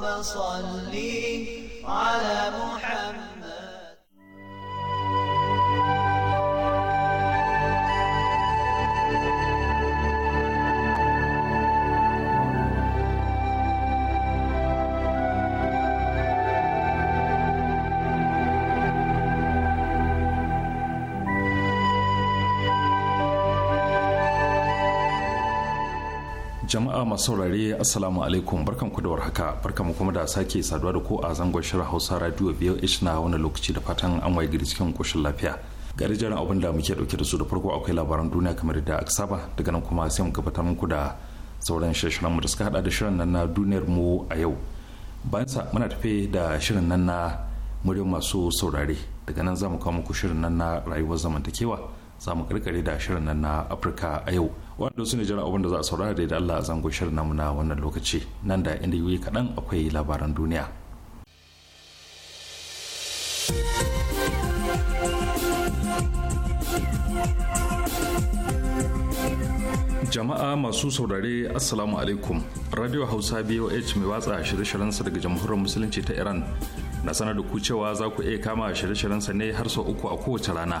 اللهم صل على محمد masu saurare assalamu alaikum barkan ku da warhaka barkan mu kuma da sake saduwa da ku a zangon shirin hausa radio biyo na wani lokaci da fatan an waye gari cikin koshin lafiya gari jiran abin da muke dauke da su da farko akwai labaran duniya kamar da aka saba daga nan kuma sai mu gabatar muku da sauran shirin mu da suka hada da shirin nan na duniyar mu a yau bayan sa muna tafe da shirin nan na muryar masu saurare daga nan za mu kawo muku shirin nan na rayuwar zamantakewa za mu karkare da shirin nan na afirka a yau waɗanda su ne jira abin da za a saurara da Allah a zango shirin namu na wannan lokaci nan da inda yi kaɗan akwai labaran duniya. jama'a masu saurare assalamu alaikum radio hausa boh mai watsa shirye-shiryensa daga jamhuriyar musulunci ta iran na sanar da ku cewa za ku iya kama shirye sa ne har sau uku a kowace rana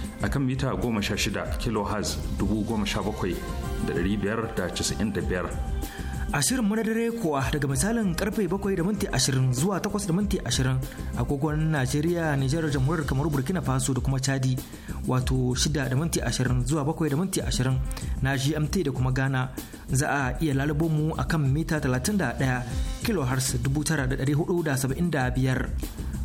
a kan mita 16 kHz 17,595. Ashirin mu na dare kuwa daga misalin karfe 7 da minti 20 zuwa 8 da minti 20 agogon Najeriya, Nijar, Jamhuriyar kamar Burkina Faso da kuma Chadi wato 6 da minti 20 zuwa 7 da minti 20 na GMT da kuma Ghana za a iya lalubo mu a kan mita 31 kHz 9,475.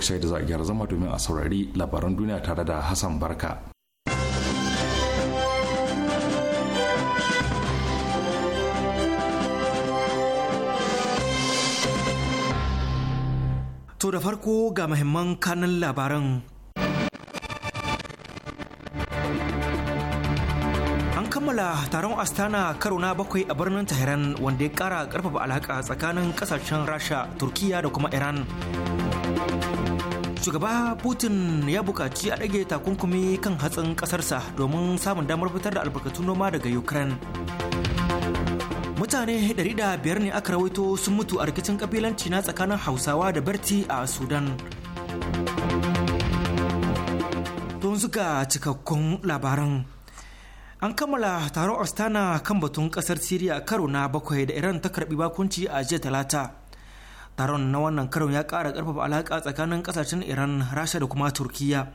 lokaci da za a gyara zama domin a saurari labaran duniya tare da Hassan Barka. To da farko ga mahimman kanan labaran kammala taron astana karo na bakwai a birnin tehran wanda ya kara karfafa alaka tsakanin kasashen rasha turkiya da kuma iran shugaba putin ya bukaci a ɗage takunkumi kan hatsin ƙasarsa domin samun damar fitar da albarkatun noma daga ukraine mutane 500 ne aka rawaito sun mutu a rikicin kabilanci na tsakanin hausawa da berti a sudan don zuga cikakkun labaran an kammala taron astana kan batun kasar siriya karo na bakwai da iran ta karbi bakunci a jiya talata taron na wannan karon ya ƙara ƙarfafa alaƙa tsakanin ƙasashen iran rasha da kuma turkiya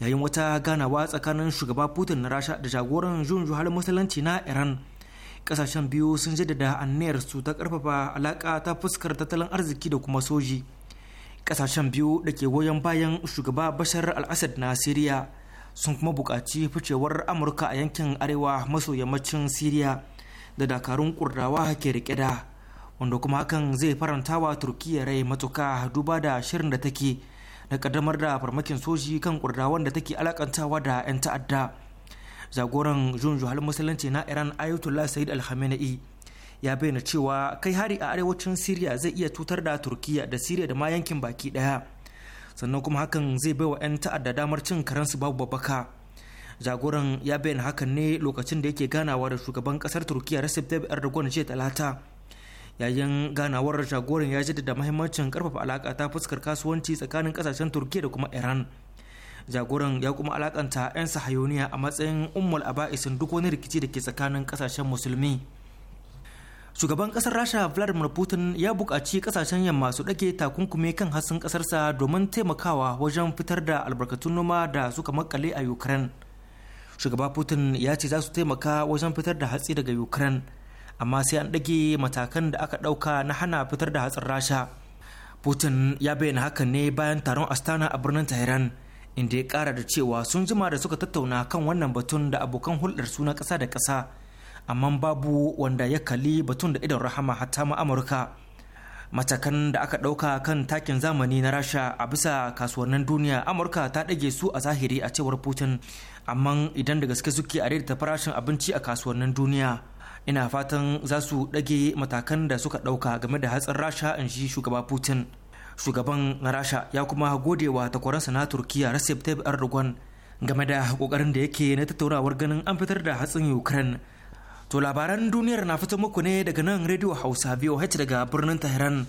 yayin wata ganawa tsakanin shugaba putin na rasha da jagoran jun juhalin musulunci na iran ƙasashen biyu sun jaddada anniyar su ta karfafa alaƙa ta fuskar tattalin arziki da kuma soji ƙasashen biyu da ke goyon bayan shugaba bashar al-assad na siriya sun kuma buƙaci ficewar amurka a yankin arewa maso yammacin siriya da dakarun kurdawa ke rike da wanda kuma hakan zai faranta wa turkiya rai matuka duba da shirin da take da kaddamar da farmakin soji kan kurdawan da take alakantawa da 'yan ta'adda zagoran junjuhal musulunci na iran ayatollah said al ya bayyana cewa kai hari a arewacin siriya zai iya cutar da turkiya da siriya da ma yankin baki daya sannan kuma hakan zai baiwa 'yan ta'adda damar cin karansu babu babbaka jagoran ya bayyana hakan ne lokacin da yake ganawa da shugaban kasar turkiya recep tayyip erdogan jiya talata yayin ganawar jagoran ya jaddada mahimmancin karfafa alaka ta fuskar kasuwanci tsakanin kasashen turkiya da kuma iran jagoran ya kuma alakanta 'yan sahayoniya a matsayin ummul aba'isin duk wani rikici da ke tsakanin kasashen musulmi shugaban kasar rasha vladimir putin ya bukaci kasashen yamma su ɗage takunkumi kan hassan kasarsa domin taimakawa wajen fitar da albarkatun noma da suka makale a ukraine shugaba putin ya ce za su taimaka wajen fitar da hatsi daga ukraine amma sai an ɗage matakan da aka ɗauka na hana fitar da hatsin rasha putin ya bayyana hakan ne bayan taron astana a birnin tehran inda ya ƙara da cewa sun jima da suka tattauna kan wannan batun da abokan hulɗar suna na ƙasa da ƙasa amma babu wanda ya kalli batun da idon rahama hatta ma amurka matakan da aka ɗauka kan takin zamani na rasha a bisa kasuwannin duniya amurka ta ɗage su a zahiri a cewar putin amma idan da gaske suke a farashin abinci a kasuwannin duniya ina fatan za su ɗage matakan da suka ɗauka game da hatsin rasha in shi shugaba putin shugaban rasha ya kuma godewa takwaransa na turkiya recep tayyip erdogan game da kokarin da yake na tattaunawar ganin an fitar da hatsin ukraine to labaran duniyar na fito muku ne daga nan radio hausa voh daga birnin tehran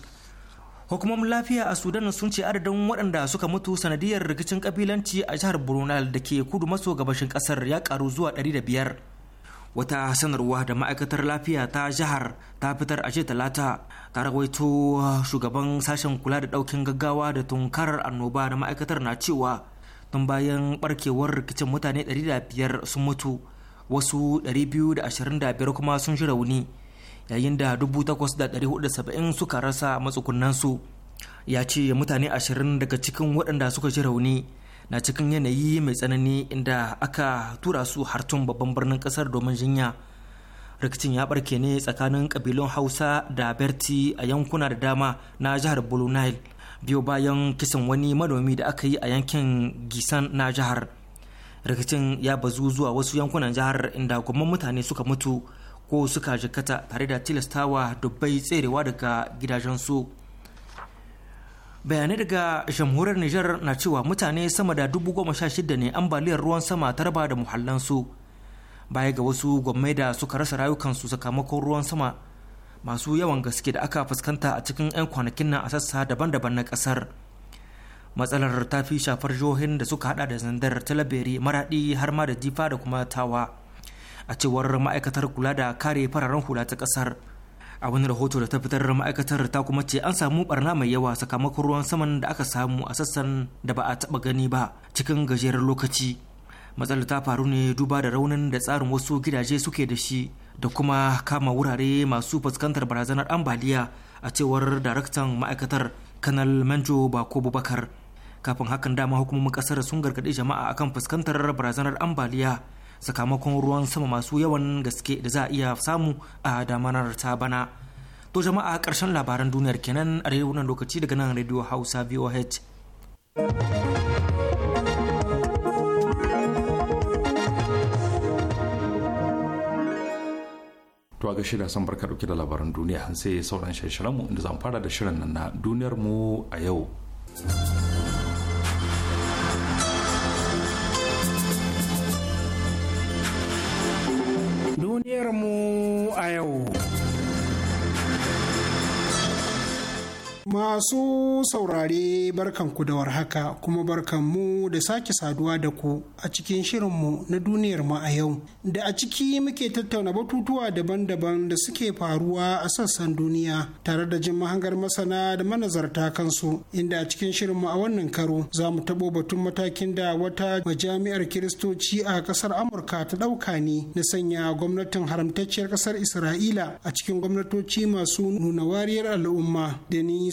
hukumomin lafiya a sudan sun ce adadin waɗanda suka mutu sanadiyar rikicin kabilanci a jihar brunei da ke kudu maso gabashin ƙasar ya karu zuwa ɗari da biyar. wata sanarwa da ma'aikatar lafiya ta jihar ta fitar a talata ta rawaito shugaban sashen kula da daukin gaggawa da tunkarar annoba da ma'aikatar na cewa tun bayan barkewar rikicin mutane 500 sun mutu wasu 225 kuma sun shi rauni yayin da 8,470 suka rasa matsugunansu ya ce mutane 20 daga cikin waɗanda suka shi rauni na cikin yanayi mai tsanani inda aka tura su hartun babban birnin kasar domin jinya rikicin ya barke ne tsakanin kabilun hausa da berti a yankuna da dama na jihar bulu nile biyo bayan kisan wani manomi da aka yi a yankin gisan na jihar rikicin ya bazu zuwa wasu yankunan jihar inda gwamnan mutane suka mutu ko suka jikata tare da tilastawa dubbai tserewa daga gidajensu bayanai daga jamhuriyar Nijar na cewa mutane sama da dubu goma sha shida ne ambaliyar ruwan sama ta raba da muhallansu baya ga wasu gwammai da suka rasa rayukansu sakamakon ruwan sama masu yawan gaske da aka fuskanta a cikin 'yan kwanakin nan a sassa daban-daban na kasar matsalar ta fi shafar jihohin da suka hada da zandar talaberi maradi har ma da jifa da kuma tawa a cewar ma'aikatar kula da kare fararen hula ta kasar a wani rahoto da ta fitar ma'aikatar ta kuma ce an samu barna mai yawa sakamakon ruwan saman da aka samu a sassan da ba a taba gani ba cikin gajeren lokaci matsalar ta faru ne duba da raunin da tsarin wasu gidaje suke da shi da kuma kama wurare masu fuskantar barazanar ambaliya a cewar daraktan ma'aikatar kanal manjo bako bubakar kafin hakan dama hukumomin kasar sun gargaɗi jama'a akan fuskantar barazanar ambaliya sakamakon ruwan sama masu yawan gaske da za a iya samu a damanar ta bana to jama'a ƙarshen labaran duniyar kenan a wannan lokaci daga nan radio hausa voh to ga shirya san barka dauke da labaran duniya sai sauran shirin mu inda zan fara da shirin nan na duniyar mu a yau duniyarmu a yau. Masu saurare barkanku da warhaka kuma barkanmu da sake saduwa da ku a cikin shirinmu na duniyar mu a yau. Da a ciki muke tattauna batutuwa daban-daban da suke faruwa a sassan duniya tare da jin mahangar masana da manazarta kansu inda a cikin shirinmu a wannan karo za mu taɓo batun matakin da wata majami'ar kiristoci a ƙasar Amurka ta ɗauka ne na sanya gwamnatin haramtacciyar ƙasar Isra'ila a cikin gwamnatoci masu nuna wariyar al'umma da ni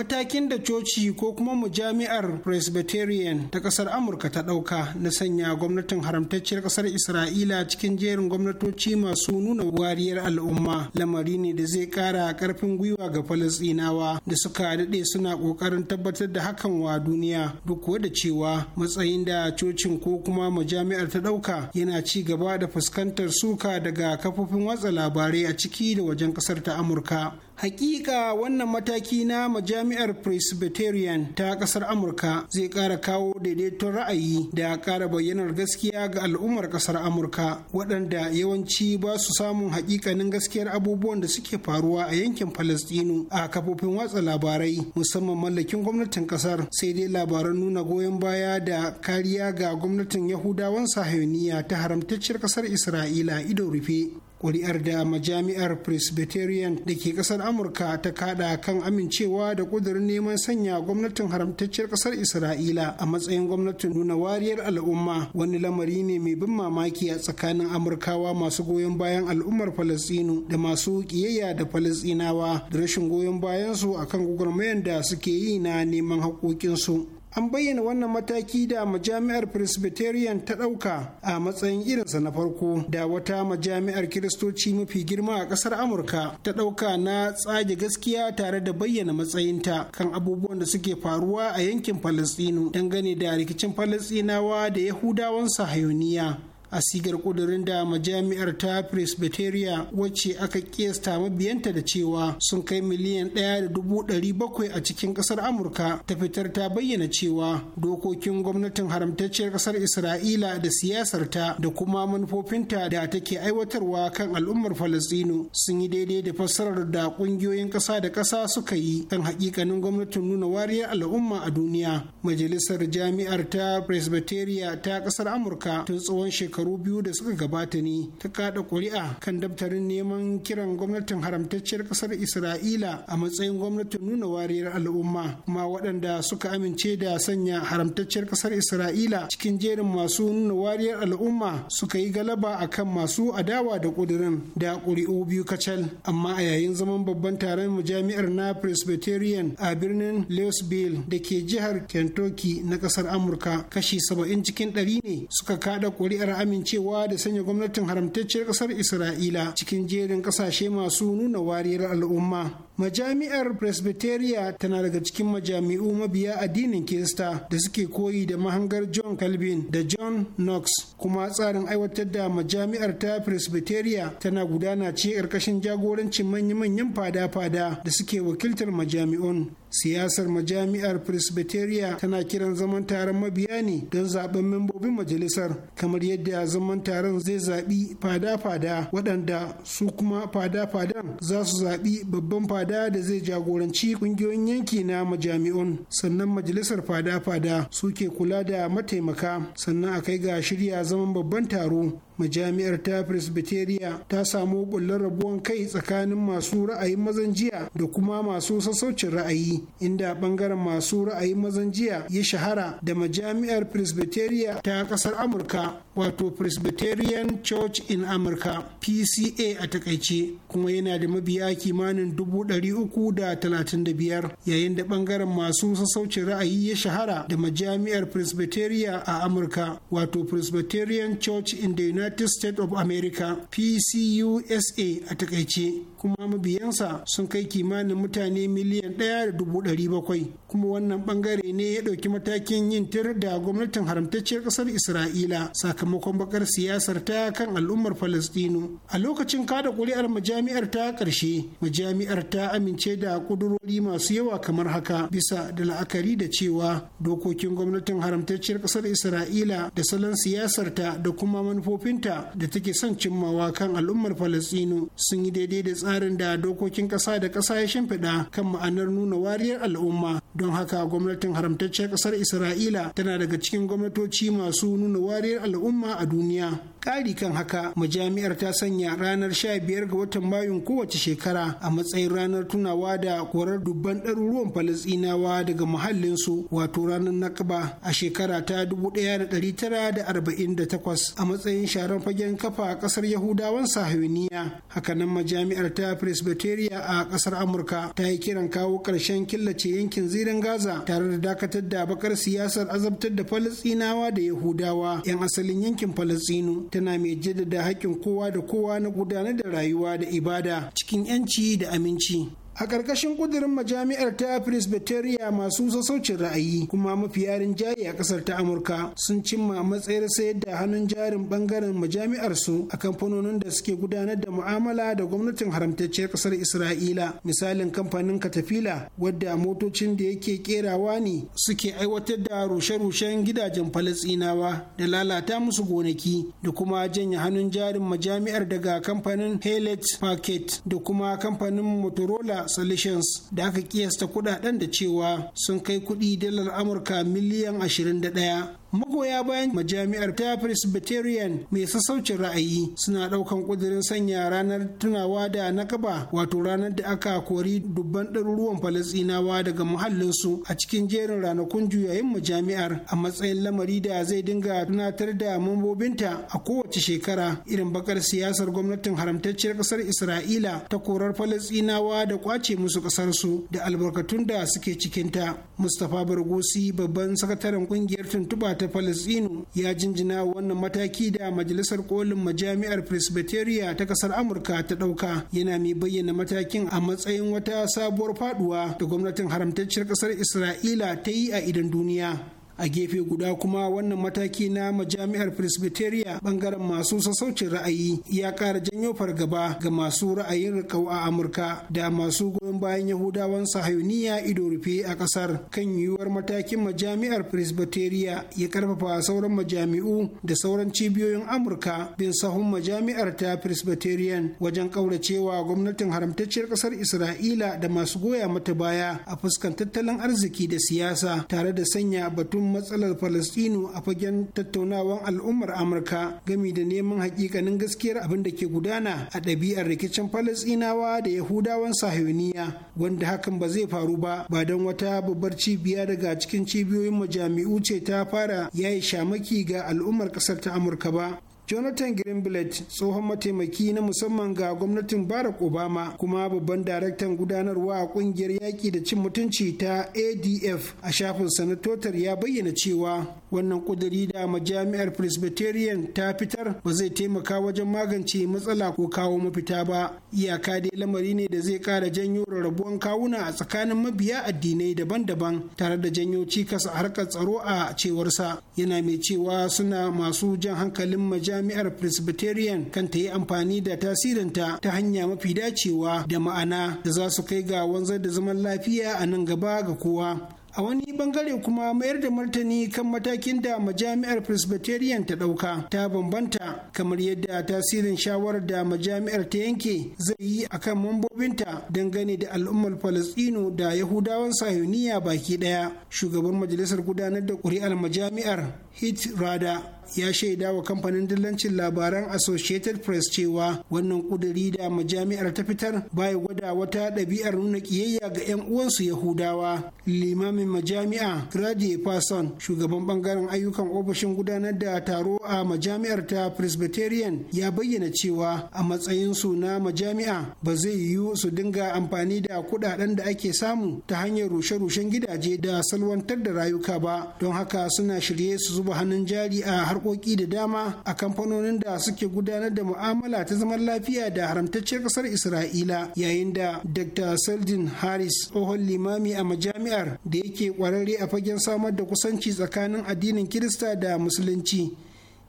matakin da coci ko kuma mujami'ar presbyterian ta kasar amurka ta dauka na sanya gwamnatin haramtacciyar kasar isra'ila cikin jerin gwamnatoci masu nuna wariyar al'umma lamari ne da zai ƙara karfin gwiwa ga falasɗinawa da suka daɗe suna ƙoƙarin tabbatar da hakan wa duniya duk da cewa matsayin da cocin ko kuma mujami'ar ta dauka yana ci gaba da fuskantar suka daga kafofin watsa labarai a ciki da wajen kasar ta amurka Hakika wannan mataki na majami'ar Presbyterian ta ƙasar Amurka zai ƙara kawo daidaiton ra'ayi da ƙara bayyanar gaskiya ga al'ummar ƙasar Amurka waɗanda yawanci ba su samun hakikanin gaskiyar abubuwan da suke faruwa a yankin Falastinu a kafofin watsa labarai musamman mallakin gwamnatin ƙasar sai dai labaran nuna goyon baya da kariya ga gwamnatin Yahudawan Sahiyoniya ta haramtacciyar ƙasar Isra'ila ido rufe. kuri'ar da majami'ar presbyterian da ke kasar amurka ta kada kan amincewa da kudurin neman sanya gwamnatin haramtacciyar kasar isra'ila a matsayin gwamnatin nuna wariyar al'umma wani lamari ne mai bin mamaki a tsakanin amurkawa masu goyon bayan al'ummar falastinu da masu kiyayya da falastinawa da rashin goyon bayansu akan gwagwarmayar da suke yi na neman haƙoƙinsu an bayyana wannan mataki da majami'ar presbyterian ta ɗauka a matsayin irinsa na farko da wata majami'ar kiristoci mafi girma a ƙasar amurka ta ɗauka na tsage gaskiya tare da bayyana matsayinta kan abubuwan da suke faruwa a yankin falastinu dangane da rikicin falastinawa da yahudawan sahayoniya a sigar kudurin da majami'ar ta presbyteria wacce aka kiyasta mabiyanta da cewa sun kai miliyan ɗaya da dubu ɗari bakwai a cikin ƙasar amurka ta fitar ta bayyana cewa dokokin gwamnatin haramtacciyar ƙasar isra'ila da siyasarta da kuma manufofinta da take aiwatarwa kan al'ummar falastinu sun yi daidai da fassarar da ƙungiyoyin ƙasa da ƙasa suka yi kan hakikanin gwamnatin nuna wariyar al'umma a duniya majalisar jami'ar ta presbyteria ta ƙasar amurka tun tsawon shekaru shekaru biyu da suka gabata ne ta kada kuri'a kan daftarin neman kiran gwamnatin haramtacciyar kasar isra'ila a matsayin gwamnatin nuna wariyar al'umma kuma waɗanda suka amince da sanya haramtacciyar kasar isra'ila cikin jerin masu nuna wariyar al'umma suka yi galaba a kan masu adawa da ƙudurin da ƙuri'u biyu kacal amma a yayin zaman babban taron jami'ar na presbyterian a birnin louisville da ke jihar kentucky na kasar amurka kashi 70 cikin 100 ne suka kada kuri'ar amincewa da sanya gwamnatin haramtacciyar ƙasar Isra'ila cikin jerin kasashe masu nuna wariyar al'umma. Majami'ar Presbyteria tana daga cikin majami'u mabiya addinin Kirista da suke koyi da mahangar John Calvin da John Knox kuma tsarin aiwatar da majami'ar ta Presbyteria tana gudana ce ƙarƙashin jagorancin manya-manyan fada-fada da suke wakiltar majami'un. siyasar majami'ar presbyteria tana kiran zaman taron mabiya ne don zaben membobin majalisar kamar yadda zaman taron zai zaɓi fada-fada waɗanda su kuma fada-fadan za su zaɓi babban fada da zai jagoranci ƙungiyoyin yanki na majami'un sannan majalisar fada-fada suke kula da mataimaka sannan a kai ga shirya zaman babban taro majami'ar ta presbyteria ta samu bullar rabuwan kai tsakanin masu ra'ayin mazan jiya da kuma masu sassaucin ra'ayi inda bangaren masu ra'ayin mazan jiya ya shahara da majami'ar presbyteria ta kasar amurka wato presbyterian church in amurka pca a takaice kuma yana da mabiya kimanin dubu ɗari uku da talatin biyar yayin da bangaren masu sassaucin ra'ayi ya shahara da majami'ar presbyteria a amurka wato presbyterian church in the united United States of America PCUSA a takaice kuma mabiyansa sun kai kimanin mutane miliyan ɗaya da dubu ɗari bakwai kuma wannan bangare ne ya ɗauki matakin yin tir da gwamnatin haramtacciyar ƙasar Isra'ila sakamakon bakar siyasar ta kan al'ummar Falastinu a lokacin kada ƙuri'ar majami'ar ta ƙarshe majami'ar ta amince da ƙudurori masu yawa kamar haka bisa da la'akari da cewa dokokin gwamnatin haramtacciyar ƙasar Isra'ila da salon siyasarta da kuma manufofin manufofinta da take son cimmawa kan al'ummar Falasɗinu sun yi daidai da tsarin da dokokin ƙasa da ƙasa ya shimfiɗa kan ma'anar nuna wariyar al'umma don haka gwamnatin haramtacciyar ƙasar Isra'ila tana daga cikin gwamnatoci masu nuna wariyar al'umma a duniya. ƙari kan haka majami'ar ta sanya ranar 15 ga watan mayun kowace shekara a matsayin ranar tunawa da korar dubban ɗaruruwan falasɗinawa daga muhallinsu wato ranar nakaba, a shekara ta 1948 a matsayin sharan fagen kafa a ƙasar yahudawan sahiyoniya hakanan majami'ar ta presbyteria a ƙasar amurka ta yi kiran kawo ƙarshen killace yankin zirin gaza tare da dakatar da bakar siyasar azabtar da falasɗinawa da yahudawa 'yan asalin yankin falasɗinu tana mai jaddada haƙƙin kowa da kowa na gudanar da rayuwa da ibada cikin 'yanci da aminci a ƙarƙashin ƙudurin majami'ar ta presbyteria masu sassaucin ra'ayi kuma mafi yarin rinjaye a ƙasar ta amurka sun cimma matsayar sayar da hannun jarin ɓangaren majami'ar su a kamfanonin da suke gudanar da mu'amala da gwamnatin haramtacciyar ƙasar isra'ila misalin kamfanin katafila wadda motocin da yake kerawa ne suke aiwatar da rushe-rushen gidajen falasinawa da lalata musu gonaki da kuma janye hannun jarin majami'ar daga kamfanin Helet Packet da kuma kamfanin Motorola solutions da aka kiyasta kudaden da cewa sun kai kudi dalar amurka miliyan 21 magoya bayan majami'ar ta presbyterian mai sassaucin ra'ayi suna ɗaukan ƙudirin sanya ranar tunawa da na kaba wato ranar da aka kori dubban ɗaruruwan Falasinawa daga muhallinsu a cikin jerin ranakun juyayin majami'ar a matsayin lamari da zai dinga tunatar da mambobinta a kowace shekara irin bakar siyasar gwamnatin haramtacciyar ƙasar isra'ila ta korar Falasinawa da kwace musu ƙasarsu da albarkatun da suke cikinta mustapha bargosi babban sakataren ƙungiyar tuntuba ta falasɗinu ya jinjina wannan mataki da majalisar kolin majami'ar presbyteria ta kasar amurka ta ɗauka yana mai bayyana matakin a matsayin wata sabuwar faduwa da gwamnatin haramtacciyar kasar isra'ila ta yi a idan duniya a gefe guda kuma wannan mataki na majami'ar presbyteria bangaren masu sassaucin ra'ayi ya ƙara janyo fargaba ga masu ra'ayin rikau a amurka da masu goyon bayan yahudawan sahayuniya ido rufe a ƙasar kan yiwuwar matakin majami'ar presbyteria ya karfafa sauran majami'u da sauran cibiyoyin amurka bin sahun majami'ar ta presbyterian wajen ƙauracewa gwamnatin haramtacciyar ƙasar isra'ila da masu goya mata baya a fuskan tattalin arziki da siyasa tare da sanya batun matsalar Falastinu a fagen tattaunawan al'ummar Amurka gami da neman hakikanin gaskiyar abin da ke gudana a ɗabi'ar rikicin Falastinawa da Yahudawan Sahiyoniya wanda hakan ba zai faru ba ba don wata babbar cibiya daga cikin cibiyoyin majami'u ce ta fara yayi shamaki ga al'ummar ƙasar ta Amurka ba jonathan greenblatt tsohon mataimaki na musamman ga gwamnatin barack obama kuma babban daraktan gudanarwa a kungiyar yaƙi da cin mutunci ta adf a shafin sanatotar ya bayyana cewa wannan kuduri da majami'ar presbyterian ta fitar ba zai taimaka wajen magance matsala ko kawo mafita ba iyaka dai lamari ne da zai ƙara janyo rarrabuwan kawuna a tsakanin mabiya addinai daban-daban tare da janyo cikas a harkar tsaro a cewarsa yana mai cewa suna masu jan hankalin majami'ar jami'ar presbyterian kan ta yi amfani da tasirinta ta hanya mafi dacewa da ma'ana da za su kai ga wanzar da zaman lafiya a nan gaba ga kowa a wani bangare kuma mayar da martani kan matakin da majami'ar presbyterian ta ɗauka ta bambanta kamar yadda tasirin shawarar da majami'ar ta yanke zai yi a kan mambobinta dangane da al'ummar falastino da yahudawan sayuniya baki ɗaya shugaban majalisar gudanar da ƙuri'ar majami'ar hit rada ya shaida wa kamfanin dillancin labaran associated press cewa wannan kuduri da majami'ar ta fitar baya gwada wata ɗabi'ar nuna ƙiyayya ga 'yan uwansu yahudawa limamin majami'a radie fason shugaban bangaren ayyukan ofishin gudanar da taro a majami'ar ta presbyterian ya bayyana cewa a su na majami'a ba zai yiwu su dinga amfani da kuɗaɗen da ake samu ta hanyar rushe-rushen gidaje da salwantar da rayuka ba don haka suna shirye su zuba hannun jari a har harkoki da dama a kamfanonin da suke gudanar da mu'amala ta zaman lafiya da haramtacciyar kasar isra'ila yayin da dr seldin harris tsohon limami a majami'ar da yake kwararre a fagen samar da kusanci tsakanin addinin kirista da musulunci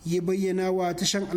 ya bayyana wa tashan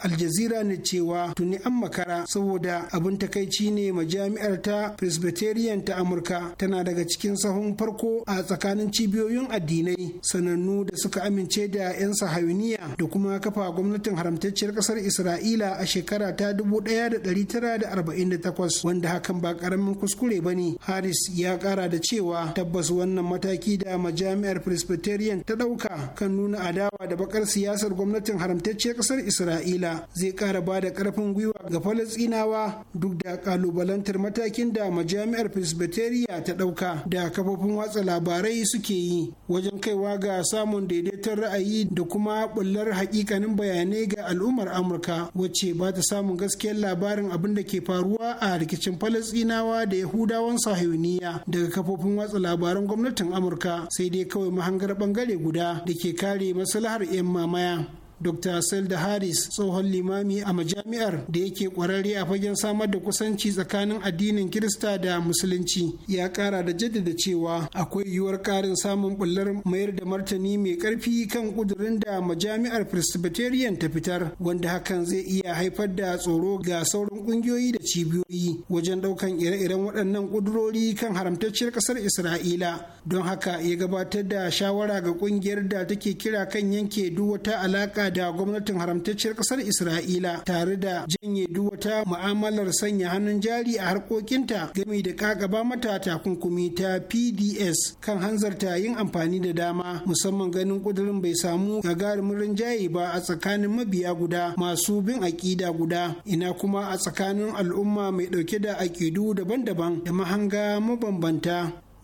aljazira ne cewa tuni an makara saboda abin takaici ne majami'ar ta presbyterian ta amurka tana daga cikin sahun farko a tsakanin cibiyoyin addinai sanannu da suka amince da 'yan sahayuniya da kuma kafa gwamnatin haramtacciyar kasar isra'ila a shekara ta 1948 wanda hakan ba karamin kuskure ba ne harris ya kara da cewa tabbas wannan mataki da majami'ar presbyterian ta ɗauka kan nuna adawa da bakar siyasar gwamnati gwamnatin haramtacciyar kasar isra'ila zai kara ba da karfin gwiwa ga Falasinawa duk da kalubalantar matakin da majami'ar presbyteria ta dauka da kafofin watsa labarai suke yi wajen kaiwa ga samun daidaiton ra'ayi da kuma bullar hakikanin bayanai ga al'ummar amurka wacce ba ta samun gaskiyar labarin abin da ke faruwa a rikicin Falasinawa da yahudawan sahiyoniya daga kafofin watsa labaran gwamnatin amurka sai dai kawai mahangar bangare guda da ke kare maslahar 'yan mamaya Dr. Selda Harris tsohon limami a majami'ar da yake kwararre a fagen samar da kusanci tsakanin addinin Kirista da Musulunci ya kara da jaddada cewa akwai yiwuwar karin samun bullar mayar da martani mai karfi kan kudurin da majami'ar Presbyterian ta fitar wanda hakan zai iya haifar da tsoro ga sauran kungiyoyi da cibiyoyi wajen daukan ire-iren waɗannan kudurori kan haramtacciyar ƙasar Isra'ila don haka ya gabatar da shawara ga kungiyar da take kira kan yanke duk wata alaƙa A da gwamnatin haramtacciyar ƙasar Isra'ila tare da janye duwata ma'amalar sanya hannun jari a harkokinta gami da ƙaƙaba mata takunkumi ta PDS kan hanzarta yin amfani da dama musamman ganin ƙudurin bai samu gagarumin rinjaye ba a tsakanin mabiya guda masu bin aƙida guda ina kuma a tsakanin al'umma mai ɗauke da aƙidu daban-daban da mahanga mabambanta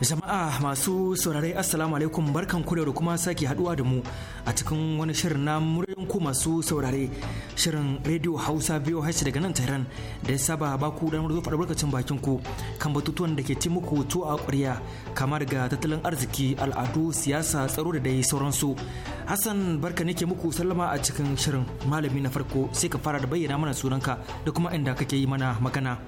Jama'a masu saurare Assalamu alaikum barkan kure da kuma sake haduwa da mu a cikin wani shirin na muryan ku masu saurare shirin Radio Hausa biyu hashi daga nan Tehran da ya saba ba ku damar zo albarkacin bakin ku kan batutuwan da ke ci muku to a ƙwarya kama daga tattalin arziki al'adu siyasa tsaro da dai sauransu. Hassan barka nake muku sallama a cikin shirin malami na farko sai ka fara da bayyana mana sunanka da kuma inda kake yi mana magana.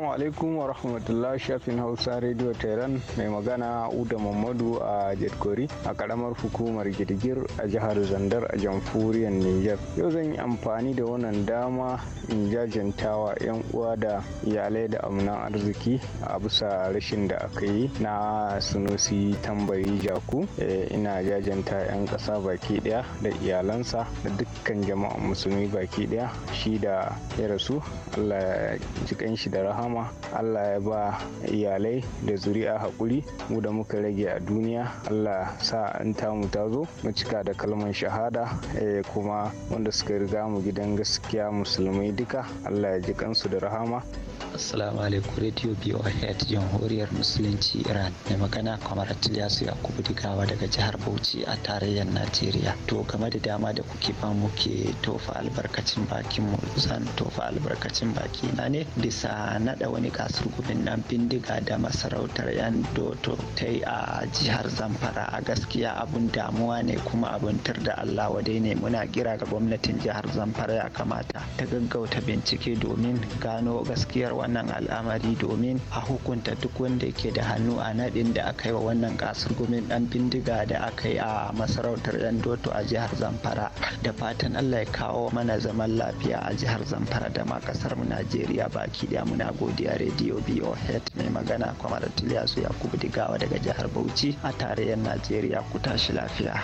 Assalamu alaikum wa rahmatullah shafin Hausa Radio Tehran mai magana Uda Mamadu a Jedkori a karamar hukumar Girgir a jihar Zandar a jamhuriyar niger. Yau zan yi amfani da wannan dama in jajantawa 'yan uwa da iyalai da amnan arziki a bisa rashin da aka yi na sunusi tambayi jaku eh, ina jajanta 'yan kasa baki daya da iyalansa da dukkan jama'an musulmi baki daya shi da ya rasu Allah ya ji shi da rahama dama allah ya ba iyalai da zuri'a haƙuri mu da muka rage a duniya allah sa an tamu ta zo mu cika da kalmar shahada eh, kuma wanda suka riga mu gidan gaskiya musulmai duka allah ya ji kansu da rahama Assalamu alaikum Radio BOHET Jamhuriyar Musulunci Iran mai magana kamar Tiliyasu Yakubu Digawa daga jihar Bauchi a tarayyar Najeriya. To game da dama da kuke ba mu ke tofa albarkacin bakin mu zan tofa albarkacin baki na ne bisa na hada wani kasurgumin nan bindiga da masarautar yan doto ta yi a jihar zamfara a gaskiya abun damuwa ne kuma abun tur da allah wadai ne muna kira ga gwamnatin jihar zamfara ya kamata ta gaggauta bincike domin gano gaskiyar wannan al'amari domin a hukunta duk wanda ke da hannu a naɗin da aka yi wa wannan kasurgumin dan bindiga da aka yi a masarautar yan doto a jihar zamfara da fatan allah ya kawo mana zaman lafiya a jihar zamfara da ma kasar mu najeriya baki ɗaya muna gode saudiya radio boh mai magana kwamar tiliyasu yakubu digawa daga jihar bauchi a tarayyar najeriya ku tashi lafiya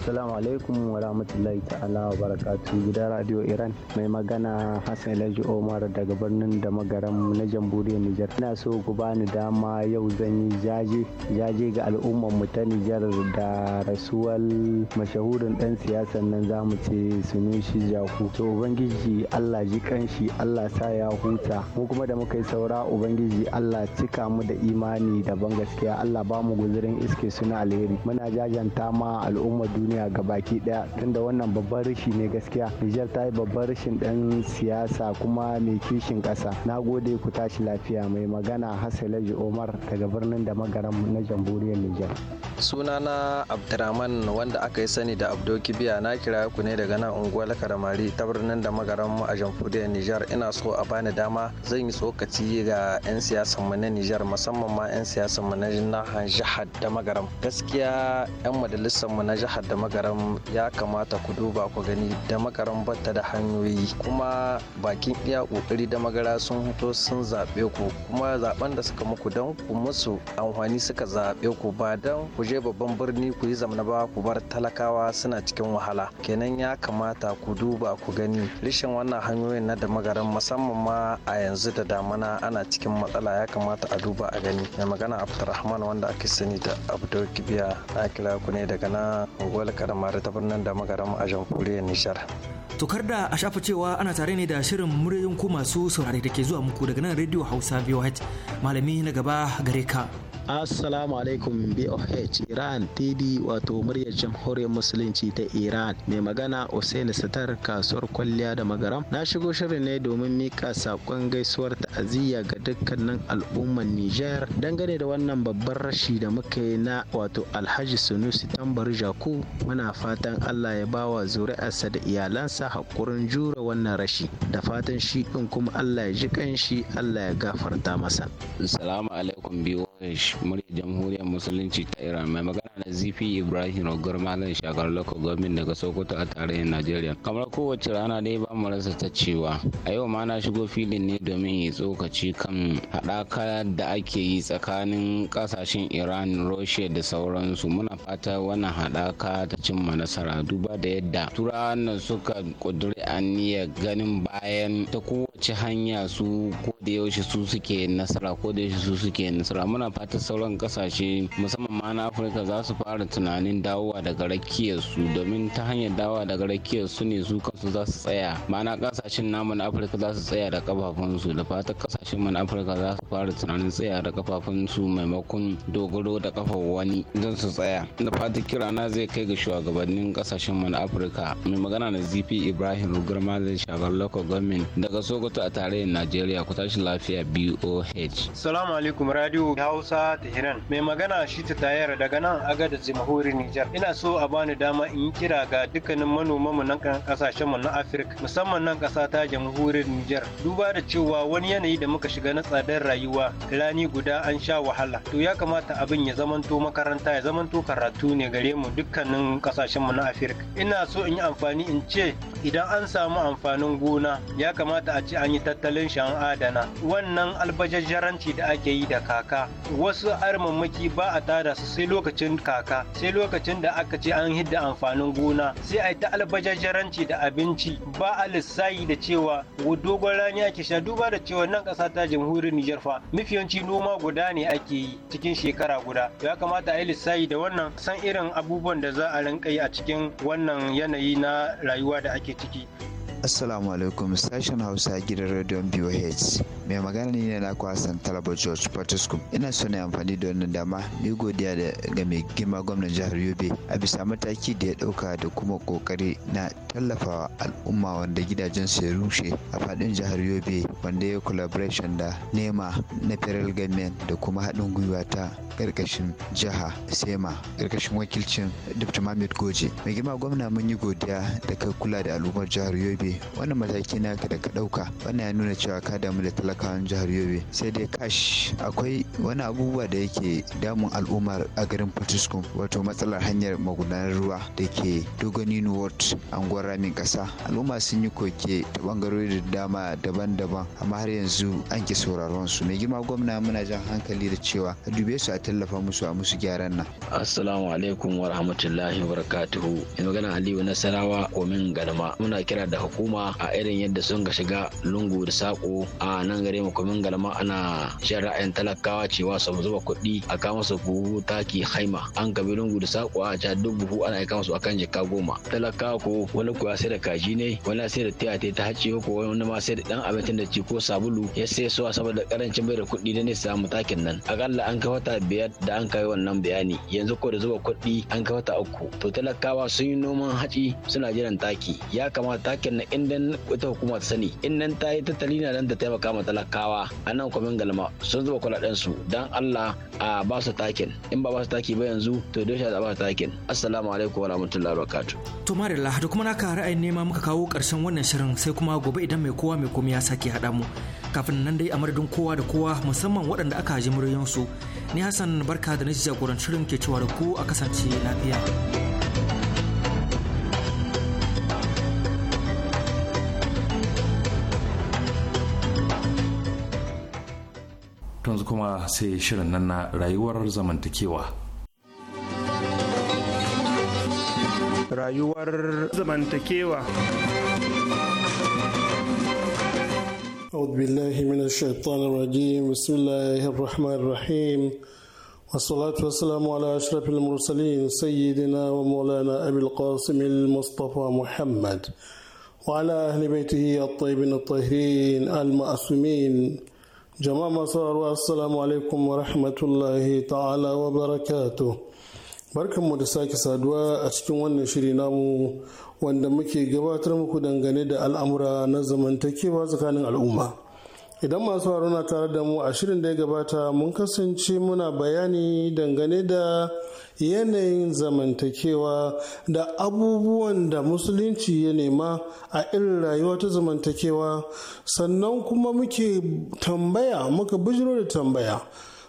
Assalamu alaikum wa rahmatullahi ta'ala wa barakatu gidan Radio Iran mai magana Hassan Laji Omar daga birnin da magaram na jamhuriyar Nijar. Ina so ku bani dama yau zan yi jaje jaje ga al'ummar mu ta Nijar da rasuwar mashahurin dan siyasa nan zamu ce Sunushi Jaku. To ubangiji Allah ji kanshi Allah sa ya huta. Mu kuma da muka yi saura ubangiji allah cika mu da imani daban gaskiya allah ba mu guzurin iske suna alheri muna jajanta ma al'ummar duniya ga baki daya tunda wannan babban rashi ne gaskiya nijar ta yi babban rashin dan siyasa kuma mai kishin kasa na gode ku tashi lafiya mai magana hasalaji omar daga birnin da magaran na jamhuriyar nijar sunana abdurrahman wanda aka yi sani da abdo kibiya na kira ku ne daga nan unguwar karamari ta birnin da magaran mu a jamhuriyar nijar ina so a bani dama zan yi tsokaci tsokaci ga 'yan siyasan mu na Nijar musamman ma 'yan siyasan mu na jihar da magaram. Gaskiya 'yan majalisar mu na jihar da magaram ya kamata ku duba ku gani da magaram ta da hanyoyi kuma bakin iya kokari da magara sun hito sun zaɓe ku kuma zaben da suka muku don ku musu amfani suka zaɓe ku ba don ku je babban birni ku yi zamana ba ku bar talakawa suna cikin wahala kenan ya kamata ku duba ku gani rishin wannan hanyoyin na da magaram musamman ma a yanzu da dama. rana ana cikin matsala ya kamata a duba a gani mai magana abdurrahman wanda ake sani da abdul kibiya na kira ku ne daga na unguwar karamar ta birnin da magaram a jamhuriyar nijar tokar da a shafa cewa ana tare ne da shirin muryoyin ku masu saurare da ke zuwa muku daga nan radio hausa voh malami na gaba gare ka Assalamu alaikum BOH Iran TV wato muryar jamhuriyar musulunci ta Iran mai magana Hussein Satar kasuwar kwalliya da magaram na shigo shirin ne domin mika sakon gaisuwar ta'aziyya ga dukkanin al'ummar Nijar dangane da wannan babban rashi da muka yi na wato Alhaji Sunusi Tambar Jaku muna fatan Allah ya bawa zuri'arsa da iyalansa hakurin jure wannan rashi da fatan shi din kuma Allah ya ji kanshi Allah ya gafarta masa. Assalamu alaikum BOH muryar jamhuriyar musulunci ta iran mai magana na zifi ibrahim rogar malam shakar loko gwamnati daga sokoto a tarayyar najeriya kamar kowace rana dai ba mu rasa ta cewa a yau ma na shigo filin ne domin yi tsokaci kan haɗaka da ake yi tsakanin ƙasashen iran russia da sauransu muna fata wannan haɗaka ta cimma nasara duba da yadda turawan nan suka ƙudiri aniyar ganin bayan ta kowace hanya su ko da yaushe su suke nasara ko da yaushe su suke nasara muna fata sauran kasashe musamman ma na afirka za su fara tunanin dawowa daga rakiyarsu domin ta hanyar dawowa daga rakiyarsu ne su kansu za su tsaya ma'ana kasashen namu na afirka za su tsaya da kafafunsu da fatan kasashen mu na afirka za su fara tunanin tsaya da kafafunsu maimakon dogaro da kafar wani don su tsaya da fatan na zai kai ga shugabannin kasashen mu na afirka mai magana na zp ibrahim girma zai shagar local government daga sokoto a tarayyar najeriya ku tashi lafiya boh salamu alaikum radio hausa Tehran. Mai magana shi ta tayar daga nan agada jamhuriyar Nijar. Ina so a bani dama in yi kira ga dukkanin manoman mu nan kasashen mu na Afirka musamman nan kasa ta jamhuriyar Nijar. Duba da cewa wani yanayi da muka shiga na tsadar rayuwa rani guda an sha wahala. To ya kamata abin ya zamanto makaranta ya zamanto karatu ne gare mu dukkanin kasashen mu na Afirka. Ina so in yi amfani in ce idan an samu amfanin gona ya kamata a ce an yi tattalin shan adana. Wannan albajajjaranci da ake yi da kaka wasu wasu armammaki ba a tada su sai lokacin kaka sai lokacin da aka ce an hidda amfanin gona sai a yi ta albajajaranci da abinci ba a lissayi da cewa dogon rani ake sha duba da cewa nan ƙasa ta jamhuriyar Nijar fa mafiyanci noma guda ne ake yi cikin shekara guda ya kamata a yi lissayi da wannan san irin abubuwan da za a rinka yi a cikin wannan yanayi na rayuwa da ake ciki Assalamu alaikum sashen Hausa gidan rediyon BOH. Mai magana ne na kuwa Hassan Talaba George Patiskum. Ina so na amfani da wannan dama mai godiya ga mai girma gwamnan jihar Yobe a bisa mataki da ya dauka da kuma kokari na tallafawa al'umma wanda gidajen su ya rushe a fadin jihar Yobe wanda ya collaboration da NEMA na Federal Government da kuma haɗin gwiwa ta karkashin jiha SEMA karkashin wakilcin Dr. Mahmud Goje. Mai girma gwamna mun yi godiya da kai kula da al'ummar jihar Yobe yobe wannan mataki naka da ka ɗauka wannan ya nuna cewa ka damu da talakawan jihar yobe sai dai kash akwai wani abubuwa da yake damun al'ummar a garin fatiskum wato matsalar hanyar magudanar ruwa da ke dogoninu ward anguwar ramin ƙasa al'umma sun yi koke ta bangarori da dama daban-daban amma har yanzu an ki sauraron su mai girma gwamna muna jan hankali da cewa a dube su a tallafa musu a musu gyaran nan assalamu alaikum wa rahmatullahi wa barakatuhu magana aliyu nasarawa komin galma muna kira da hukumar hukuma a irin yadda sun ga shiga lungu da sako a nan gare mu kumin galma ana shan ra'ayin talakawa cewa su zuba kuɗi a kama su buhu taki haima an gabi lungu da sako a ja duk buhu ana aika musu akan jika goma talakawa ko wani kuwa sai da kaji ne wani sai da tiyate ta hace ko wani ma sai da dan abincin da ci ko sabulu ya sai su saboda karancin bai da kuɗi da ne samu takin nan akalla an kai wata biyar da an kai wannan bayani yanzu ko da zuba kuɗi an kai wata uku to talakawa sun yi noman haci suna jiran taki ya kamata takin na in dan ita hukuma ta sani in nan ta yi tattali na nan ta taimaka ma talakawa a nan kwamin galma sun zuba kuɗaɗen su dan Allah a ba su takin in ba ba su taki ba yanzu to dole a ba su takin assalamu alaikum wa rahmatullahi wa barakatuh to mare da kuma naka ra'ayin nema muka kawo karshen wannan shirin sai kuma gobe idan mai kowa mai komai ya sake haɗa mu kafin nan dai a madadin kowa da kowa musamman waɗanda aka ji su ni hassan barka da na jagorancin shirin ke cewa da ku a kasance lafiya. kuma sai shirin nan na rayuwar zamantakewa rayuwar zamantakewa أعوذ بالله من الشيطان الرجيم بسم الله الرحمن الرحيم والصلاة والسلام على أشرف المرسلين سيدنا ومولانا أبي القاسم المصطفى محمد وعلى أهل بيته الطيبين الطاهرين المأسومين jama'a masu haruwa assalamu alaikum wa rahmatullahi ta'ala wa barakatu barkan mu da sake saduwa a cikin wannan shiri namu wanda muke gabatar muku dangane da al'amura na zamantakewa tsakanin al'umma idan masu haruna tare da mu a shirin da ya gabata mun kasance muna bayani dangane da yanayin zamantakewa da abubuwan da musulunci ya nema a irin rayuwa ta zamantakewa sannan kuma muke tambaya muka bijiro da tambaya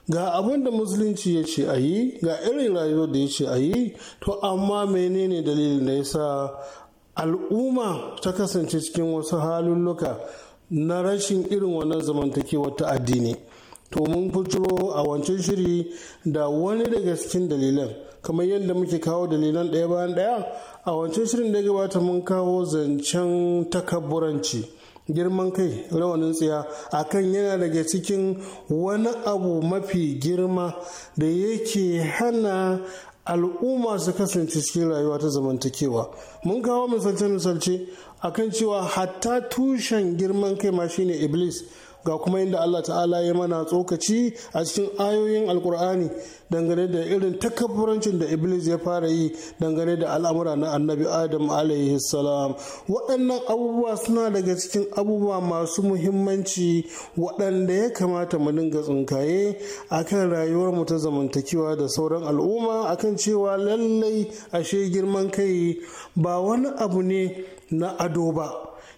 ga abin da musulunci ya ce a yi ga irin rayuwa da ya ce a yi to amma menene dalilin da ya sa al'umma ta kasance cikin wasu halulluka na rashin irin wannan zamantakewa ta addini to mun fituro a wancan shiri da wani daga cikin dalilan kamar yadda muke kawo dalilan ɗaya bayan ɗaya a wancan shirin da gabata mun kawo zancen takabburanci girman kai rawanin tsiya akan yana daga cikin wani abu mafi girma da yake hana al'umma su kasance cikin rayuwa ta zamantakewa mun kawo misalce-misalce akan cewa hatta tushen girman kai ma shine iblis ga kuma inda Allah ta'ala ya mana tsokaci a cikin ayoyin alkur'ani dangane da irin takabburancin da iblis ya fara yi dangane da al'amura na annabi adam alayhi salam waɗannan abubuwa suna daga cikin abubuwa masu muhimmanci waɗanda ya kamata mu dinga tsinkaye akan rayuwar mu ta zamantakewa da sauran al'umma akan cewa lallai ashe girman kai ba wani abu ne na ado ba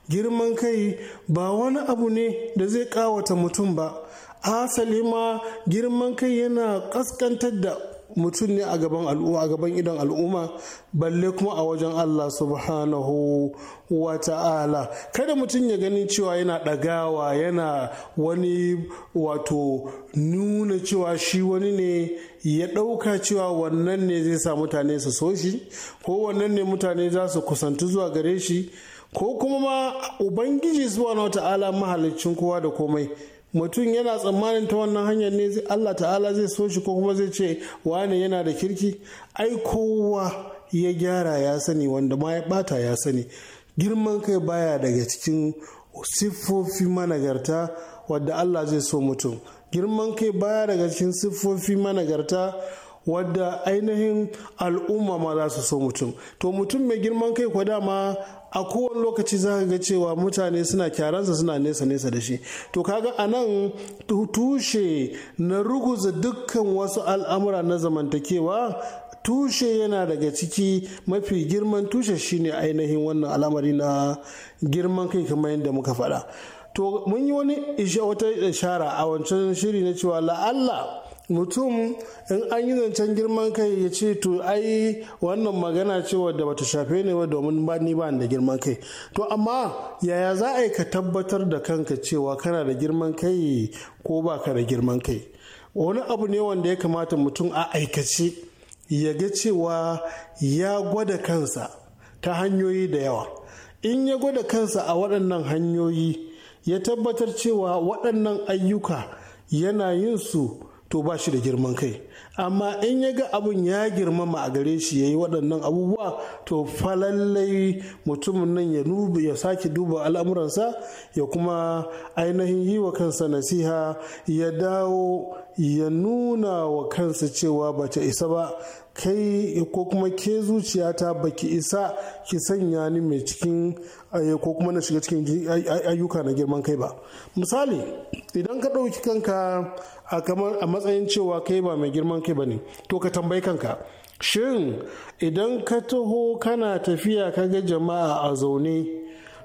girman kai ba wani abu ne da zai kawata mutum ba asali ma girman kai yana kaskantar da mutum ne a gaban al'umma a gaban idon al'umma balle kuma a wajen Allah subhanahu wa ta'ala kada mutum ya ganin cewa yana ɗagawa yana wani wato nuna cewa shi wani ne ya ɗauka cewa wannan ne zai sa mutane su so shi ko wannan ne mutane za su kusantu zuwa gare shi ko kuma ma ubangiji subhanahu wa ta'ala mahalicin kowa da komai mutum yana tsammanin ta wannan hanyar ne Allah ta'ala zai so shi ko kuma zai ce wane yana da kirki ai kowa ya gyara ya sani wanda ma ya bata ya sani girman kai baya daga cikin siffofi managarta wadda Allah zai so mutum girman kai baya daga cikin siffofi managarta wadda ainihin al'umma ma za su so mutum to mutum mai girman kai kwa dama a kowane lokaci za ga cewa mutane suna kyaransa suna nesa nesa da shi to kaga a nan tushe na ruguza dukkan wasu al'amura na zamantakewa tushe yana daga ciki mafi girman tushe shine ainihin wannan al'amari na girman kai kamar yadda muka faɗa to mun yi wani wata ishara a wancan shiri na cewa la'alla mutum in an yi zancen girman kai ya ce to ai wannan magana ce wadda bata shafe ne ba domin ba ni ba da girman kai to amma yaya za a yi ka tabbatar da kanka cewa kana da girman kai ko ba ka da girman kai wani abu ne wanda ya kamata mutum a aikace ya ga cewa ya gwada kansa ta hanyoyi da yawa in ya gwada kansa a waɗannan hanyoyi ya tabbatar cewa waɗannan ayyuka yana yin su to ba shi da girman kai amma in ya ga abun ya girmama a gare shi ya yi waɗannan abubuwa to falallai mutumin nan ya ya sake duba al'amuransa ya kuma ainihin yi wa kansa nasiha ya dawo ya nuna wa kansa cewa ba ta isa ba kai ko kuma ke zuciyata baki isa ki sanya ni mai cikin eh, ko kuma na shiga cikin eh, ayyuka na girman kai ba misali idan ka ɗauki kanka a matsayin cewa kai ba mai girman kai bane to ka tambayi kanka shin idan ka taho kana tafiya ka ga jama'a a zaune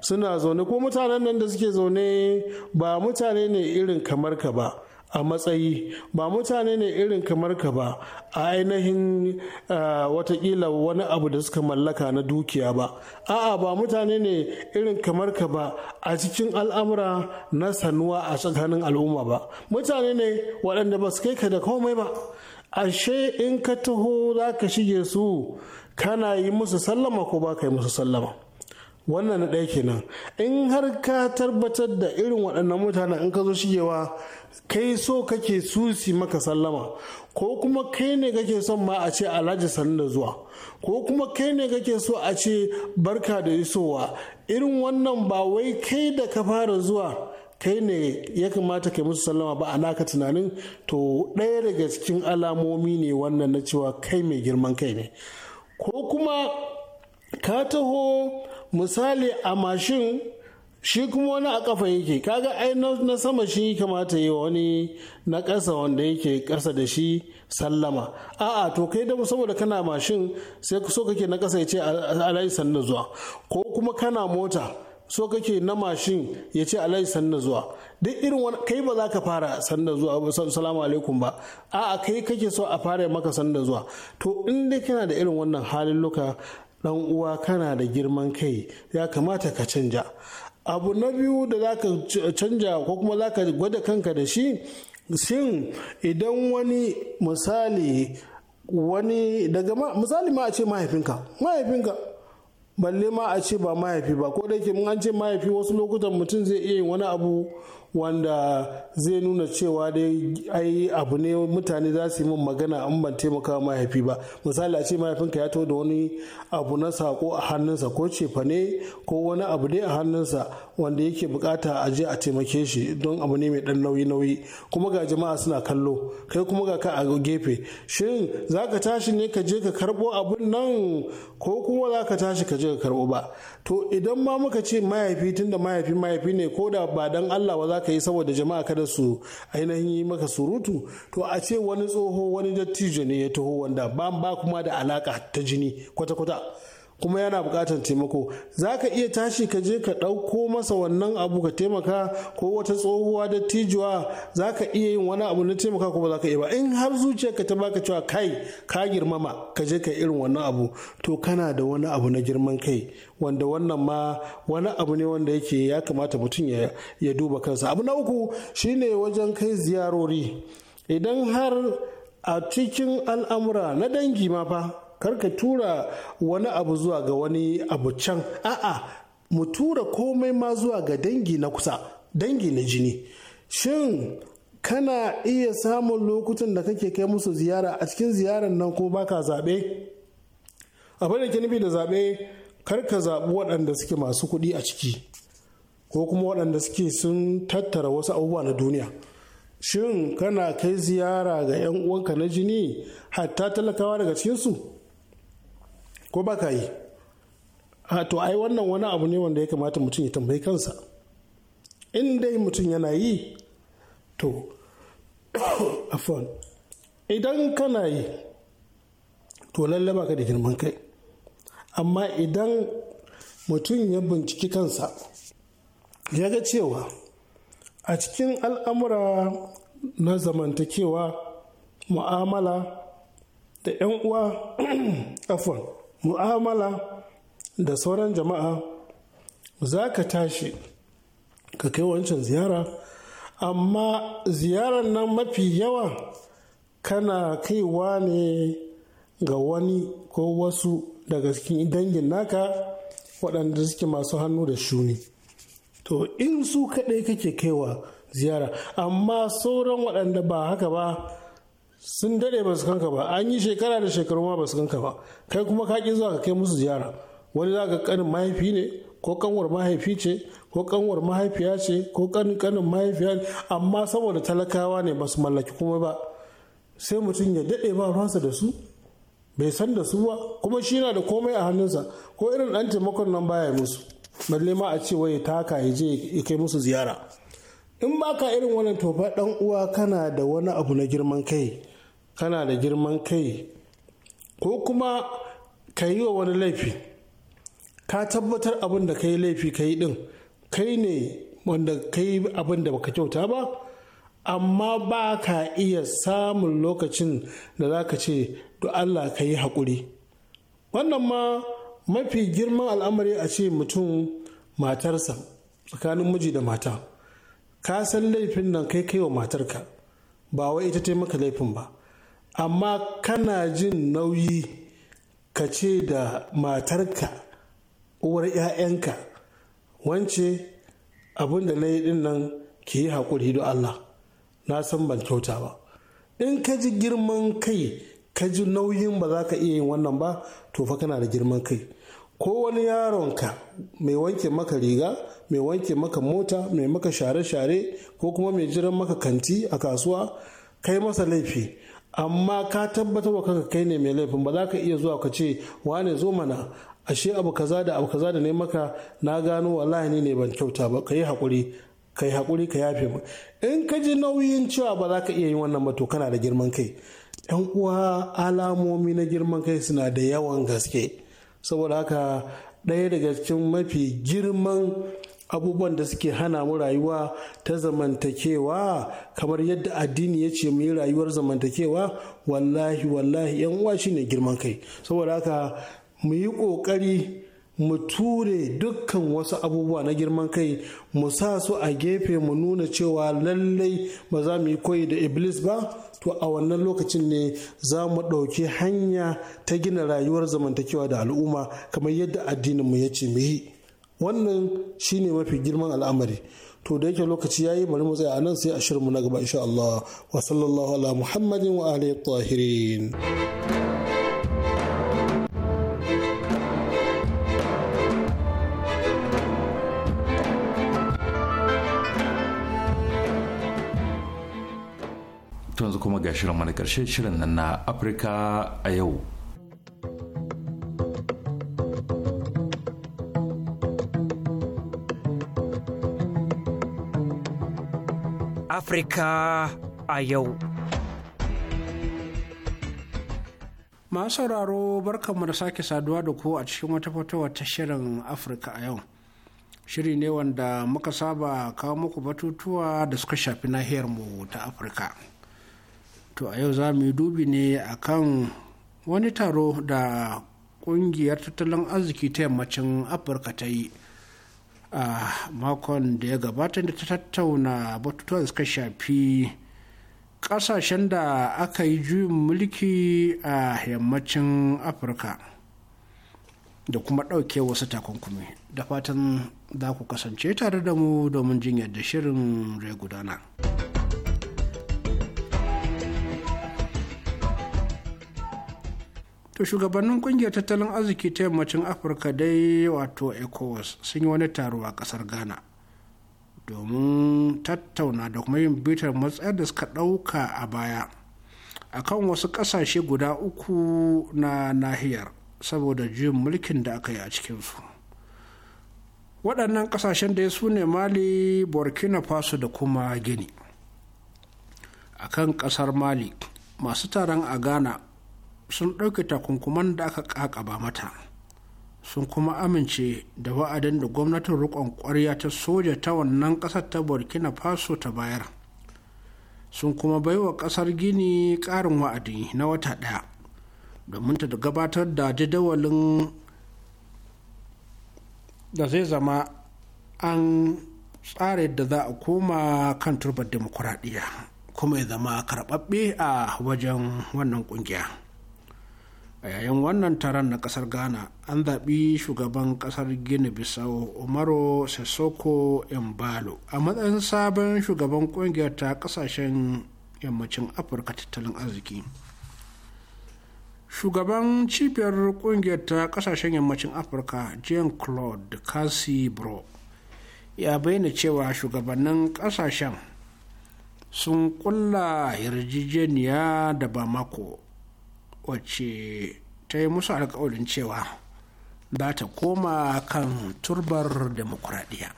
suna zaune ko mutanen nan da suke zaune ba mutane ne irin kamar ka ba a matsayi ba mutane ne irin kamar ka ba a ainihin watakila wani abu da suka mallaka na dukiya ba a'a ba mutane ne irin kamar ka ba a cikin al'amura na sanuwa a tsakanin al'umma ba mutane ne waɗanda ba su kai ka da komai ba ashe in ka taho za ka shige su kana yi musu sallama ko ba ka yi musu sallama wannan na ɗaya kenan in har ka tabbatar da irin waɗannan mutanen in ka zo shigewa kai so kake susi maka sallama ko kuma kai ne kake son ma a ce alhaji sanin da zuwa ko kuma kai ne kake so a ce barka da isowa irin wannan ba wai kai da ka fara zuwa kai ne ya kamata kai musu sallama ba a naka tunanin to ɗaya daga cikin alamomi ne wannan na cewa kai mai girman kai ne ko kuma ka taho misali a mashin shi kuma wani a kafa yake kaga ai na sama shi kamata yi wani na ƙasa wanda yake ƙasa da shi sallama a'a to kai da saboda kana mashin sai so kake na ƙasa ya ce alayi sannan zuwa ko kuma kana mota so kake na mashin ya ce alayi sannan zuwa duk irin wani kai ba za ka fara sannan zuwa salamu alaikum ba a'a kai kake so a fara maka sannan zuwa to in dai kana da irin wannan halin luka dan uwa kana da girman kai ya kamata ka canja abu na biyu da za ka canja ko kuma za ka gwada kanka da shi sin idan wani misali wani daga misali ma a ce mahaifinka mahaifinka balle ma a ce ba mahaifi ba ko da ke an ce mahaifi wasu lokutan mutum zai iya yin wani abu wanda zai nuna cewa dai ai abu ne mutane za su yi min magana an ban taimaka wa mahaifi ba misali a ce mahaifinka ya to da wani abu na sako a hannunsa ko cefa ne ko wani abu dai a hannunsa wanda yake bukata a je a taimake shi don abu ne mai dan nauyi nauyi kuma ga jama'a suna kallo kai kuma ga ka a gefe shin za ka tashi ne ka je ka karbo abun nan ko kuma za ka tashi ka je ka karbo ba to idan ma muka ce mahaifi tunda mahaifi mahaifi ne ko da ba dan Allah ba za za ka yi saboda jama'a kada su ainihin yi maka surutu to a ce wani tsoho wani dattijo ne ya taho wanda ba kuma da alaka ta jini kwata-kwata kuma yana bukatar taimako za ka iya tashi ka je ka ɗauko masa wannan abu ka taimaka ko wata tsohuwa da tijuwa za ka iya yin wani abu na taimaka ko ba za ka iya ba in har ka ta baka cewa kai ka girmama ka je ka irin wannan abu to kana da wani abu na girman kai wanda wannan ma wani abu ne wanda yake ya kamata mutum ya duba kansa abu na uku shine wajen kai ziyarori idan har a cikin al'amura na dangi ma fa Kar ka tura wani abu zuwa ga wani abu can a'a mu tura komai ma zuwa ga dangi na kusa dangi na jini shin kana iya samun lokutan da kake kai musu ziyara a cikin ziyarar nan ko baka zaɓe abin da ke nufi da zaɓe ka zaɓi waɗanda suke masu kuɗi a ciki ko kuma waɗanda suke sun tattara wasu abubuwa na duniya shin kana kai ziyara ga 'yan uwanka na jini hatta talakawa daga cikinsu ko ba ka yi a to ai wannan wani abu ne wanda ya kamata mutum ya tambayi kansa in dai mutum yana yi to afon idan kana yi to lalle ka da girman kai amma idan mutum ya binciki kansa ya ga cewa a cikin al'amura na zamantakewa mu'amala da 'yan uwa afon mu'amala da sauran jama'a za ka tashi ka kai wancan ziyara amma ziyarar nan mafi yawa kana kaiwa ne ga wani ko wasu daga cikin dangin naka waɗanda suke masu hannu da shuni to in su kaɗai kake kaiwa ziyara amma sauran waɗanda ba haka ba sun dade ba su kanka ba an yi shekara da shekaru ma ba su kanka ba kai kuma ka ƙi zuwa ka kai musu ziyara wani za ka ƙanin mahaifi ne ko ƙanwar mahaifi ce ko ƙanwar mahaifiya ce ko ƙanin ƙanin mahaifiya ne amma saboda talakawa ne ba su mallaki kuma ba sai mutum ya dade ba ruwansa da su bai san da su ba kuma shi na da komai a hannunsa ko irin ɗan taimakon nan baya musu balle ma a ce wai taka ya je ya kai musu ziyara in baka irin wannan tofa ɗan uwa kana da wani abu na girman kai kana da girman kai ko kuma ka yi wa wani laifi ka tabbatar abin da ka yi laifi ka yi ɗin kai ne wanda ka yi abin da baka kyauta ba amma ba ka iya samun lokacin da za ka ce to Allah ka yi haƙuri wannan ma mafi girman al'amari a ce mutum matarsa tsakanin miji da mata ka san laifin nan kai kai wa matarka ba wai ita taimaka laifin ba amma kana jin nauyi ka ce da matarka uwar 'ya'yanka wance abin da na yi din nan ki yi haƙuri da Allah na san ban kyauta ba in ka ji girman kai ka ji nauyin ba za ka iya yin wannan ba to fa kana da girman kai ko wani yaronka mai wanke maka riga mai wanke maka mota mai maka share-share ko kuma mai jiran maka kanti a kasuwa kai masa laifi amma ka tabbatar wa kanka kai ne mai laifin ba za ka iya zuwa ka ce wane zo mana ashe abu kaza da abu kaza da ne maka na gano wallahi ni ne ban kyauta ba ka yi haƙuri ka yi haƙuri ka yafe mu in ka ji nauyin cewa ba za ka iya yin wannan ba to kana da girman kai yan uwa alamomi na girman kai suna da yawan gaske saboda haka ɗaya daga cikin mafi girman abubuwan da suke hana mu rayuwa ta zamantakewa kamar yadda addini ya ce mu yi rayuwar zamantakewa wallahi wallahi yan uwa shine girman kai saboda haka mu yi kokari mu ture dukkan wasu abubuwa na girman kai mu sa su a gefe mu nuna cewa lallai ba za mu yi koyi da iblis ba to a wannan lokacin ne za mu ɗauki hanya ta gina rayuwar zamantakewa da al'umma kamar yadda addininmu ya ce mu yi wannan shi ne mafi girman al'amari to da yake lokaci yayi bari mu tsaya anan sai a shirinmu na gaba insha Allah wa sallallahu ala muhammadin wa alihi tahirin yanzu kuma ga shirin mana karshe shirin nan na afirka a yau Afirka a yau. Masu sauraro barkanmu da sake saduwa da ku a cikin wata fitowa ta shirin Afirka a yau. Shiri ne wanda muka saba kawo muku batutuwa da suka shafi nahiyarmu ta Afirka. To a yau za mu yi dubi ne akan wani taro da ƙungiyar tattalin arziki ta yammacin Afirka ta yi. a makon da ya gabata da ta tattauna batutuwa da suka shafi kasashen da aka yi juyin mulki a yammacin afirka da kuma ɗauke wasu takunkumi da fatan za ku kasance tare da mu domin jin yadda shirin zai gudana. to shugabannin kungiyar tattalin arziki ta yammacin afirka dai wato ecowas sun yi wani taro a kasar ghana domin tattauna da kuma yin bitar matsayar da suka ɗauka a baya akan wasu ƙasashe guda uku na nahiyar saboda juyin mulkin da aka yi a cikinsu waɗannan ƙasashen da su ne mali burkina faso da kuma gini akan ƙasar mali masu taron a ghana sun ɗauke takunkuman da aka ƙaƙaba mata sun kuma amince da wa'adin da gwamnatin riƙon ƙwarya ta soja ta wannan ƙasar ta burkina faso ta bayar sun kuma baiwa ƙasar gini ƙarin wa'adi na wata ɗaya domin ta gabatar da jadawalin da zai zama an tsara yadda za a koma kan turbar demokuraɗiyya kuma ya zama karɓaɓɓe a wajen wannan ƙungiya. a yayin wannan taron na kasar ghana an zaɓi shugaban kasar gini bissau umaru sesoko imbalo a matsayin sabon shugaban kungiyar ta kasashen yammacin afirka tattalin arziki shugaban cibiyar kungiyar ta kasashen yammacin afirka jean claude bro ya bayyana cewa shugabannin kasashen sun kulla yarjejeniya da bamako wacce ta yi musu alkawarin cewa za ta koma kan turbar demokuraɗiyya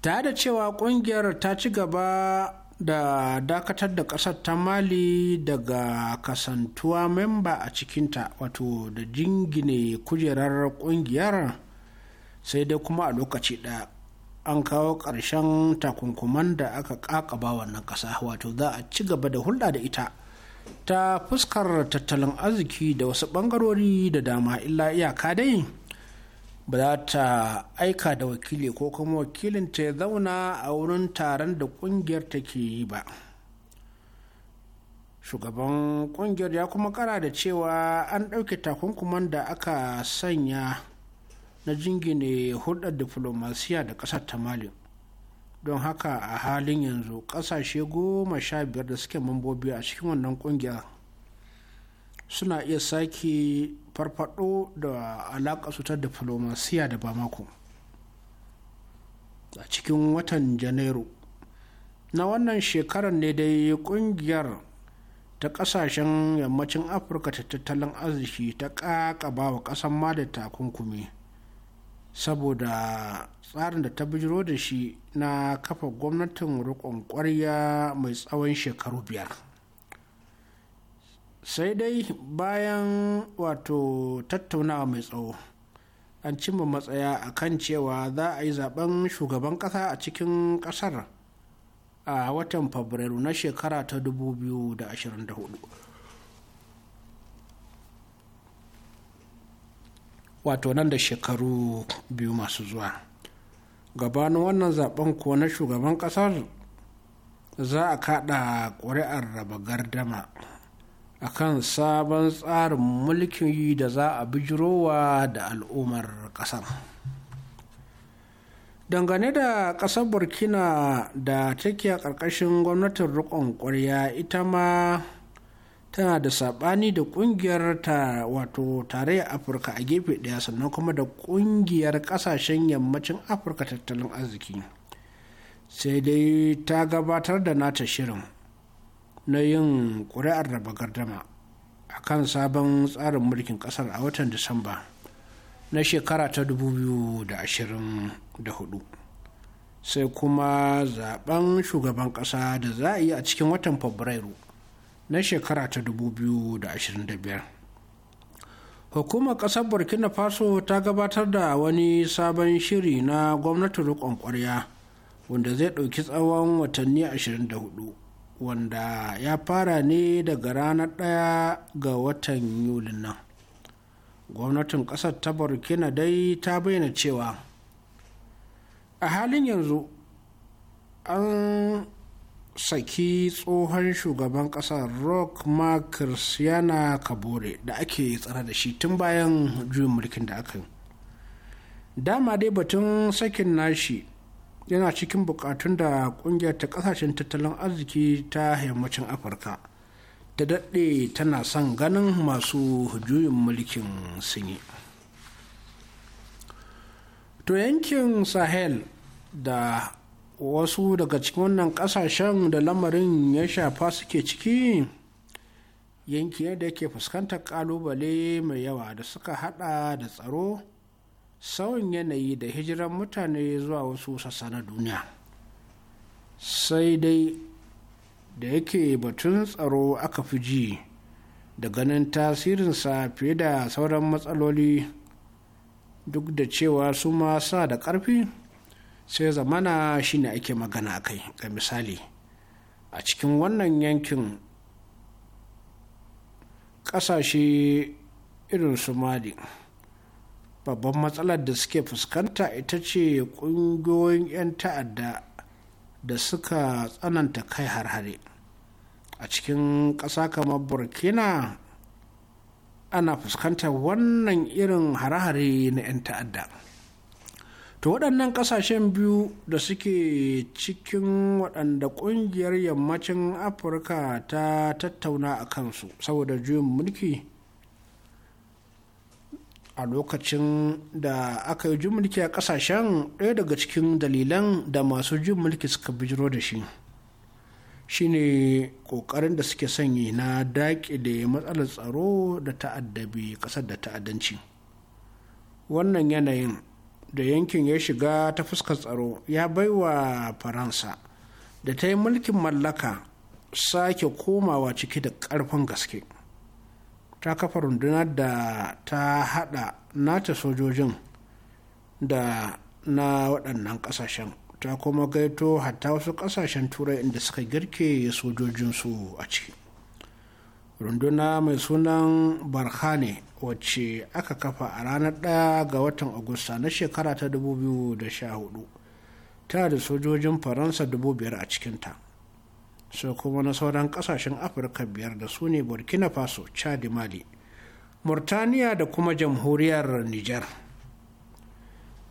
tare da cewa ƙungiyar ta ci gaba da dakatar da ƙasar ta mali daga kasantuwa memba a cikinta wato da jingine kujerar ƙungiyar sai dai kuma a lokaci ɗaya an kawo ƙarshen takunkuman da aka ƙaƙaba wannan ƙasa wato za a ci gaba da hulɗa da ita ta fuskar tattalin arziki da wasu bangarori da dama illa iyaka dai ba za ta aika da wakili ko kuma wakilin ta zauna a wurin taron da kungiyar take yi ba shugaban kungiyar ya kuma kara da cewa an ɗauke takunkuman da aka sanya na jingine hulɗar diflomasiya da ƙasar ta mali don haka a halin yanzu kasashe goma sha biyar da suke mambobi a cikin wannan kungiyar suna iya sake farfado da alaƙa su ta diflomasiya da bamako a cikin watan janairu na wannan shekarar ne dai ƙungiyar ta kasashen yammacin afirka ta tattalin arziki ta kakaba wa kasan ma da takunkumi saboda tsarin da ta bijiro da shi na kafa gwamnatin rikon kwarya mai tsawon shekaru biyar sai dai bayan wato tattaunawa mai tsawo an cimma matsaya a kan cewa za a yi zaben shugaban kasa a cikin kasar a watan fabrairu na shekara ta 2024 wato nan da shekaru biyu masu zuwa gabanin wannan zaben kuwa na shugaban kasar za a kada ƙuri'ar raba gardama a kan sabon tsarin mulkin da za a bijirowa da al'ummar ƙasar dangane da ƙasar burkina da take a ƙarƙashin gwamnatin riƙon ƙwarya ita ma tana da saɓani da ƙungiyar ta wato tarayyar afirka a gefe ɗaya sannan kuma da ƙungiyar ƙasashen yammacin afirka tattalin arziki sai dai ta gabatar da nata shirin na yin ƙuri'ar raba gardama a kan sabon tsarin mulkin ƙasar a watan disamba na shekara ta 2024 sai kuma zaben shugaban ƙasa da za a yi a cikin watan fabrairu na shekara ta 2025 hukumar ƙasar burkina faso ta gabatar da wani sabon shiri na gwamnatin riƙon ƙwarya wanda zai ɗauki tsawon watanni 24 wanda ya fara ne daga ranar 1 ga watan yulin nan gwamnatin ƙasar ta burkina dai ta bayyana cewa a halin yanzu an saki tsohon shugaban ƙasa rock mark christiana kabore da ake tsare da shi tun bayan juyin mulkin da aka dama dai batun sakin nashi yana cikin bukatun da kungiyar ta kasashen tattalin arziki ta yammacin afirka ta daɗe tana son ganin masu juyin mulkin sun to yankin sahel da wasu daga cikin wannan kasashen da lamarin ya shafa suke ciki yanki yadda da yake fuskantar kalubale mai yawa da suka hada da tsaro sauyin yanayi da hijiran mutane zuwa wasu sassa na duniya sai dai da yake batun tsaro aka fi ji da ganin tasirinsa fiye da sauran matsaloli duk da cewa su ma sa da ƙarfi sai zamana shine ake magana a kai ga misali a cikin wannan yankin ƙasashe irin su mali babban matsalar da suke fuskanta ita ce ƙungiyoyin 'yan ta'adda da suka tsananta kai har-hare a cikin ƙasa kamar burkina ana fuskantar wannan irin hare-hare na 'yan ta'adda to waɗannan ƙasashen biyu da suke cikin waɗanda ƙungiyar yammacin afirka ta tattauna a kansu saboda juyin mulki a lokacin da aka yi jin mulki a ƙasashen ɗaya daga cikin dalilan da masu jin mulki suka bijiro da shi shine ƙoƙarin da suke sanyi na daƙi da matsalar tsaro da ta'addabi ƙasar da ta'addanci wannan yanayin da yankin ya shiga ta fuskar tsaro ya baiwa faransa da ta yi mulkin mallaka sake komawa ciki da ƙarfin gaske ta kafa rundunar da ta hada nata sojojin da na waɗannan ƙasashen ta kuma gaito hatta wasu ƙasashen turai inda suka girke sojojinsu a ciki runduna mai sunan barkhane wacce aka kafa a ranar 1 ga watan agusta na shekara ta 2014 tana da sojojin faransa 5,000 a cikinta sai kuma na sauran kasashen afirka biyar da su ne burkina faso chad mali murtaniya da kuma jamhuriyar niger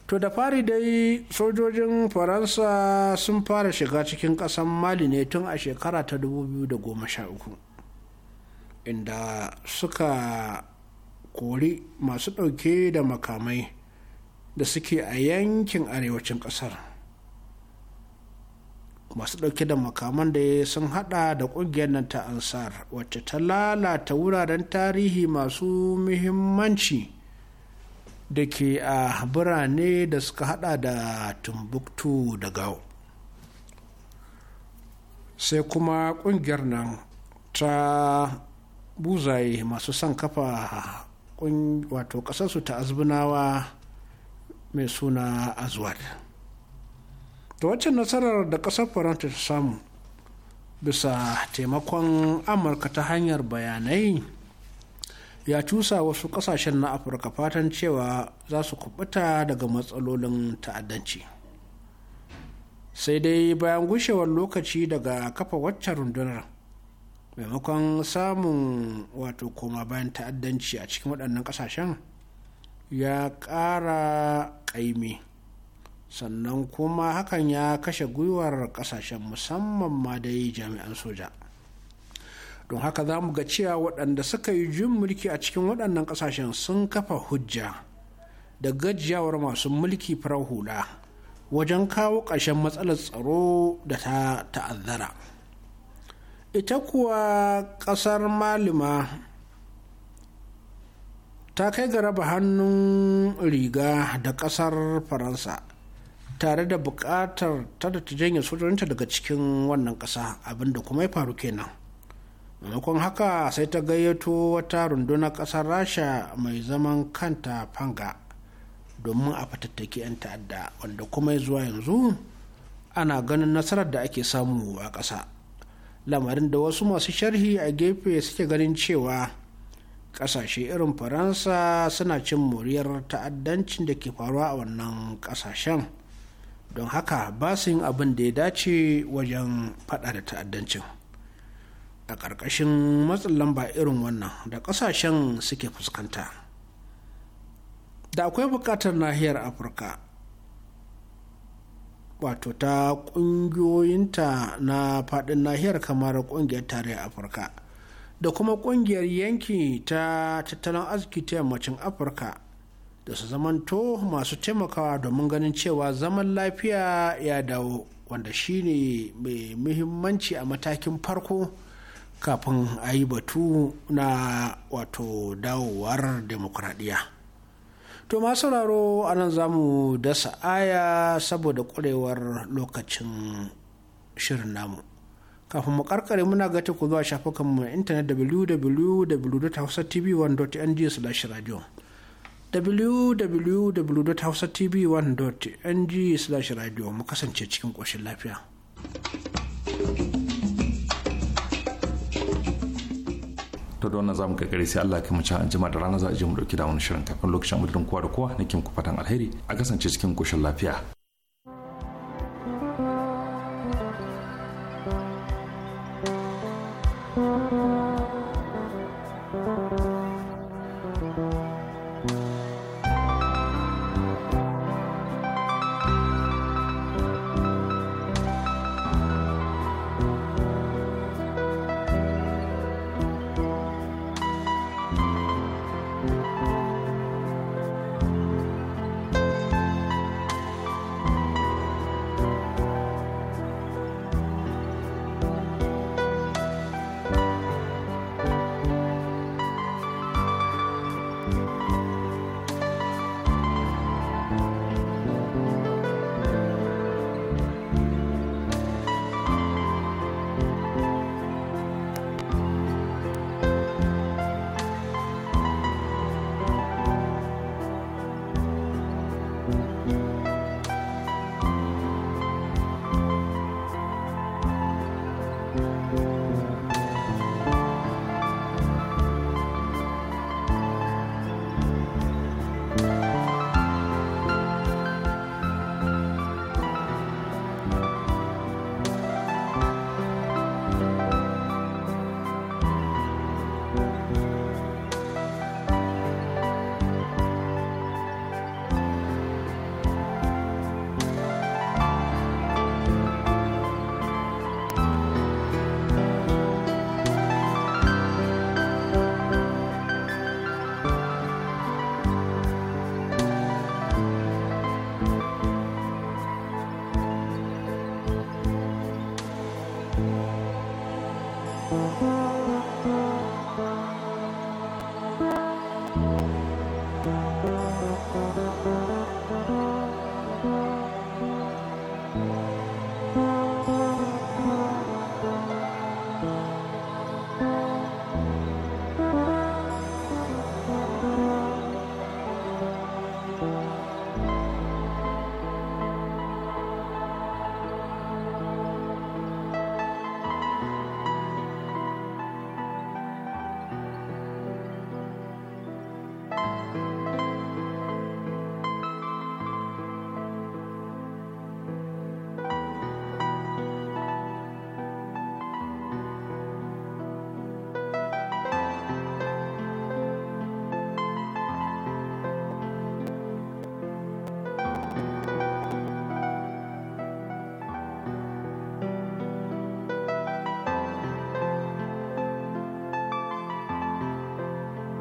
to da fari dai sojojin faransa sun fara shiga cikin kasan mali ne tun a shekara ta 2013 inda suka kori masu ɗauke da makamai da suke a yankin arewacin ƙasar masu ɗauke da makaman da ya sun hada da ƙungiyar nan ta ansar wacce ta lalata wuraren tarihi masu muhimmanci da ke a birane da suka hada da tumbuktu da gao sai kuma ƙungiyar nan ta buzaye masu son kafa wato ƙasarsu ta azbunawa mai suna Azwad. ta waccan nasarar da ƙasar faranta ta samu bisa taimakon amurka ta hanyar bayanai ya cusa wasu ƙasashen na afirka fatan cewa za su kubuta daga matsalolin ta'addanci sai dai bayan gushewar lokaci daga kafa waccan rundunar maimakon samun wato koma bayan ta'addanci a cikin waɗannan ƙasashen ya ƙara ƙaimi sannan kuma hakan ya kashe gwiwar ƙasashen musamman ma dai jami'an soja don haka za mu ga cewa waɗanda suka yi jin mulki a cikin waɗannan ƙasashen sun kafa hujja da gajiyawar masu mulki farar hula wajen kawo ƙarshen matsalar tsaro da ta ta'azzara. ita kuwa ƙasar malima ta kai ga raba hannun riga da ƙasar faransa tare da buƙatar ta da ta janye sojojinta daga cikin wannan ƙasa abinda kuma ya faru kenan maimakon haka sai ta gayyato wata rundunar ƙasar rasha mai zaman kanta fanga domin a fatattaki 'yan ta'adda wanda kuma zuwa yanzu ana ganin nasarar da ake samu a ƙasa lamarin da wasu masu sharhi a gefe suke ganin cewa ƙasashe irin faransa suna cin moriyar ta'addancin da ke faruwa a wannan ƙasashen don haka ba su yin abin da ya dace wajen faɗa da ta'addancin a ƙarƙashin matsin lamba irin wannan da ƙasashen suke fuskanta da akwai buƙatar nahiyar afirka wato ta ƙungiyoyinta na faɗin nahiyar kamar ƙungiyar tarayyar afirka da kuma ƙungiyar yanki ta tattalin arziki ta yammacin afirka da su zamanto masu taimakawa domin ganin cewa zaman lafiya ya dawo wanda shine mai muhimmanci a matakin farko kafin a yi batu na wato dawowar demokradiyya. To ma sauraro anan zamu mu dasa aya saboda ƙwarewar lokacin shirin namu. Kafin mu karkare muna ga ku zuwa shafukanmu na intanet www.hausatv1.ng/radio www.hausatv1.ng/radio mu kasance cikin ƙoshin lafiya. to da wannan zamu kakare sai Allah kai mu ci jima da rana za a je mu dauki da wani shirin kafin lokacin mu kowa da kowa nake muku fatan alheri a kasance cikin koshin lafiya